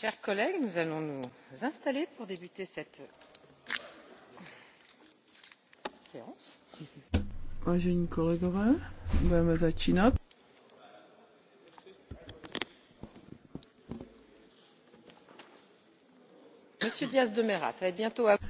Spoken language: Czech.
chers collègues nous allons nous installer pour débuter cette séance. Vážení kolegové, budeme začínat. Monsieur Diaz de Mera, ça va être bientôt à vous.